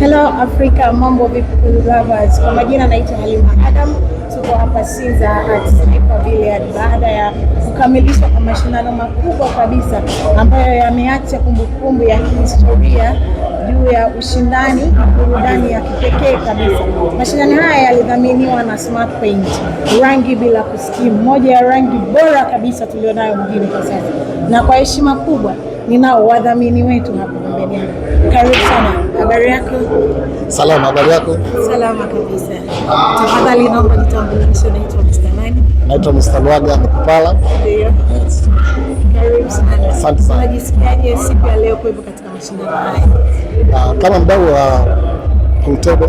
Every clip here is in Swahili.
Hello Africa, mambo vipi lovers? Kwa majina naitwa Halima Adam, tuko hapa Sinza Arts Pavilion baada ya kukamilishwa kwa mashindano makubwa kabisa ambayo yameacha kumbukumbu ya kihistoria juu ya ushindani na burudani ya kipekee kabisa. Mashindano haya yalidhaminiwa na Smart Paint, rangi bila kusikia, moja ya rangi bora kabisa tulionayo mjini kwa sasa, na kwa heshima kubwa ninao wadhamini wetu hapa pembeni. Karibu sana. Habari yako? Salama. Habari yako? Salama kabisa. Tafadhali naomba nitambulishe, naitwa Mr. nani? Naitwa Mr. Lwaga Mkupala. Ndio. Karibu sana. Asante sana. Unajisikiaje siku ya leo kuwepo katika mashindano haya? Ah, kama mdau wa Kultebo,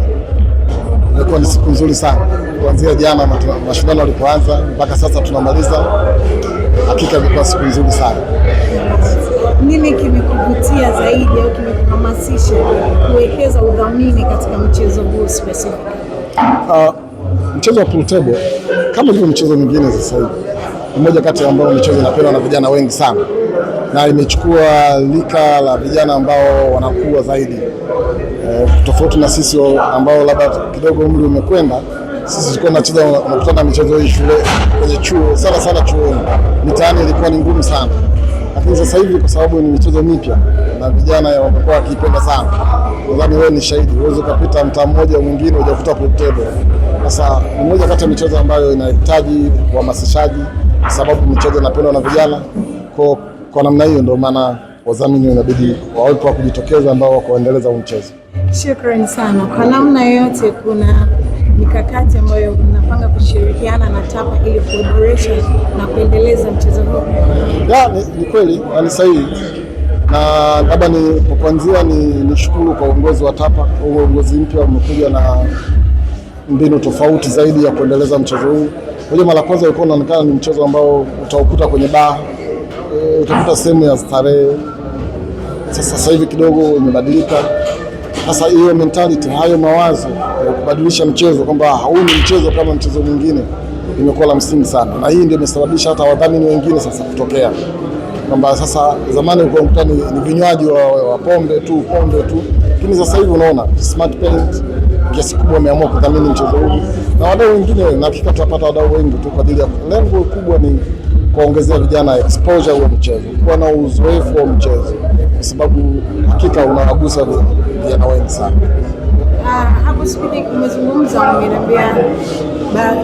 imekuwa ni siku nzuri sana kuanzia jana mashindano yalipoanza mpaka sasa tunamaliza. Hakika imekuwa siku nzuri sana nini kimekuvutia zaidi au kimekuhamasisha kuwekeza udhamini katika mchezo huu specific? Uh, mchezo wa pool table kama ilivyo mchezo mwingine sasa hivi ni moja kati ambayo michezo inapendwa na vijana wengi sana, na imechukua lika la vijana ambao wanakuwa zaidi e, tofauti na sisi ambao labda kidogo umri umekwenda. Sisi tulikuwa tunacheza unakutana michezo hii shule kwenye chuo sana sana chuoni, mitaani ilikuwa ni ngumu sana lakini sasa hivi kwa sababu ni michezo mipya na vijana wamekuwa wakipenda sana. Nadhani wewe ni shahidi, uweze ukapita mtaa mmoja mwingine hujakuta pool table. Sasa ni moja kati ya michezo ambayo inahitaji uhamasishaji, kwa sababu michezo inapendwa na vijana. Kwa, kwa namna hiyo ndio maana wadhamini inabidi wawepo wa kujitokeza ambao wakuendeleza huu mchezo. Shukrani sana kwa namna yote kuna mikakati ambayo mnapanga kushirikiana na TAPA ili kuboresha na kuendeleza mchezo huu? Ni, ni kweli ni sahihi, na labda ni kwa kuanzia nishukuru kwa uongozi wa TAPA. Uongozi mpya umekuja na mbinu tofauti zaidi ya kuendeleza mchezo huu. Kwa mara kwanza ulikuwa unaonekana ni mchezo ambao utaukuta kwenye baa, eh, utakuta sehemu ya starehe. Sasa hivi kidogo imebadilika, sasa hiyo mentality, hayo mawazo kubadilisha mchezo kwamba huu ni mchezo kama mchezo mwingine, imekuwa la msingi sana, na hii ndio imesababisha hata wadhamini wengine sasa kutokea kwamba sasa, zamani ulikuwa mkutano ni vinywaji wa, wa pombe tu pombe tu, lakini sasa hivi unaona Smart Paint kiasi kubwa wameamua kudhamini mchezo huu na wadau wengine, na hakika tutapata wadau wengi tu kwa ajili ya lengo kubwa ni kuongezea vijana exposure huo mchezo, kuwa na uzoefu wa mchezo, kwa sababu hakika unawagusa vijana wengi sana. Ah, hapo siku ile umezungumza, umeniambia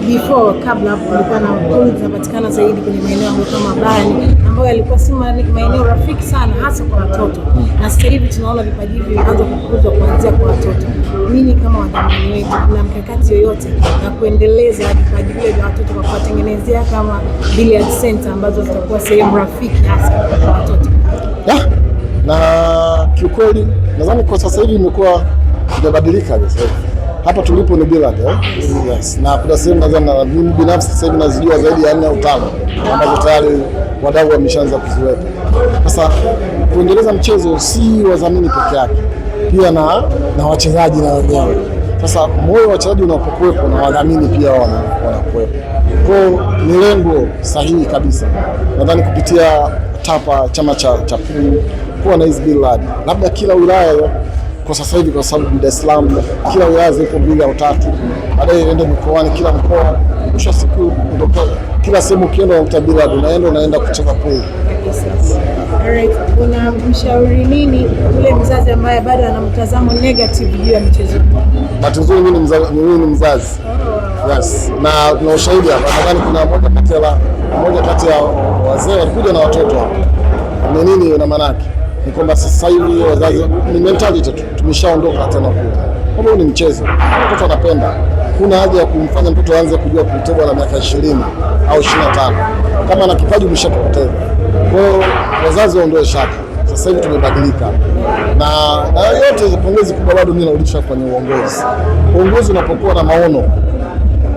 before, kabla hapo kulikuwa na kuni zinapatikana zaidi kwenye maeneo ambayo kama barani ambayo yalikuwa si maeneo rafiki sana, hasa kwa watoto, na sasa hivi tunaona vipaji hivi vinaanza kukuzwa kuanzia kwa watoto. Nini kama wadhamini wetu, kuna mkakati yoyote na kuendeleza vipaji vile vya watoto kwa kuwatengenezea kama billiard center ambazo zitakuwa sehemu rafiki hasa kwa watoto? Na kiukweli nadhani kwa sasa hivi imekuwa Tumebadilika sasa hivi. Hapa tulipo ni bilad eh? Yes. Na kuna sehemu nadhani na mimi binafsi sasa hivi nazijua zaidi ya nne au tano ambazo tayari wadau wameshaanza kuziweka. Sasa kuendeleza mchezo si wadhamini peke yake, pia na na wachezaji na wenyewe. Sasa moyo wa wachezaji unapokuwepo na wadhamini pia wanakuwepo, kwa ni lengo sahihi kabisa. Nadhani kupitia TAPA chama cha cha kuwa na hizi bilad, labda kila wilaya kwa sasa hivi, kwa sababu Dar es Salaam kila wilaya zipo mbili au tatu, baadaye iende mkoani, kila mkoa mwisho siku ndoka, kila sehemu ukienda na utabila unaenda unaenda kucheza pool. mshauri nini yule mzazi ambaye bado ana mtazamo negative juu ya mchezo? Bahati nzuri mimi ni mzazi Oh, yes, na na ushahidi hapa. Nadhani kuna mmoja kati ya moja kati ya wazee walikuja na watoto ni nini, ina maana yake ni kwamba sasa hivi wazazi ni mentality tu, tumeshaondoka tena kule, kama ni mchezo mtoto anapenda, kuna haja ya kumfanya mtoto aanze kujua kutebwa na miaka ishirini au ishirini na tano kama ana kipaji umeshakipoteza. Kwa hiyo wazazi waondoe shaka, sasa hivi tumebadilika na, na yote pongezi kubwa bado mimi narudisha kwenye uongozi. Uongozi unapokuwa na maono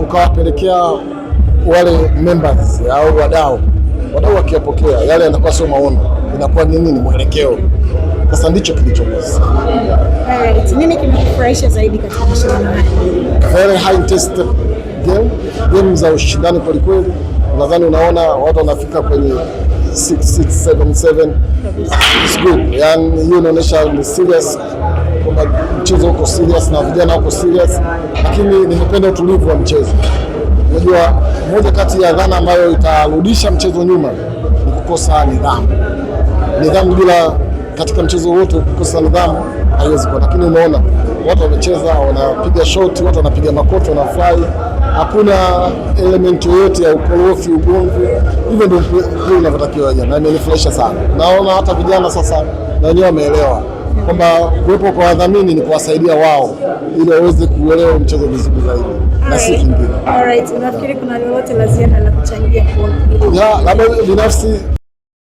ukawapelekea wale members au wadau, wadau wakiyapokea yale yanakuwa sio maono inakuwa nini, ni mwelekeo. Sasa ndicho kilichogusa. Alright, eh, nini kimekufurahisha zaidi katika mashindano haya? Very high intensity game, game za ushindani kweli. Nadhani unaona watu wanafika kwenye 6677 it's good, yani hiyo inaonyesha ni serious kwamba mchezo uko serious na vijana wako serious, lakini nimependa utulivu wa mchezo. Unajua, moja kati ya dhana ambayo itarudisha mchezo nyuma ni kukosa nidhamu nidhamu. Bila katika mchezo wote kukosa nidhamu haiwezi kuwa, lakini umeona watu wamecheza, wanapiga shoti, watu wanapiga makofi, wanafurahi, hakuna element yoyote ya ukorofi, ugomvi. Hivyo ndio mpira inavyotakiwa jana, na imenifurahisha sana. Naona hata vijana sasa na wenyewe wameelewa kwamba kuwepo kwa wadhamini ni kuwasaidia wao ili waweze kuelewa mchezo vizuri zaidi na si kingine. Alright, unafikiri kuna lolote la ziada la kuchangia labda binafsi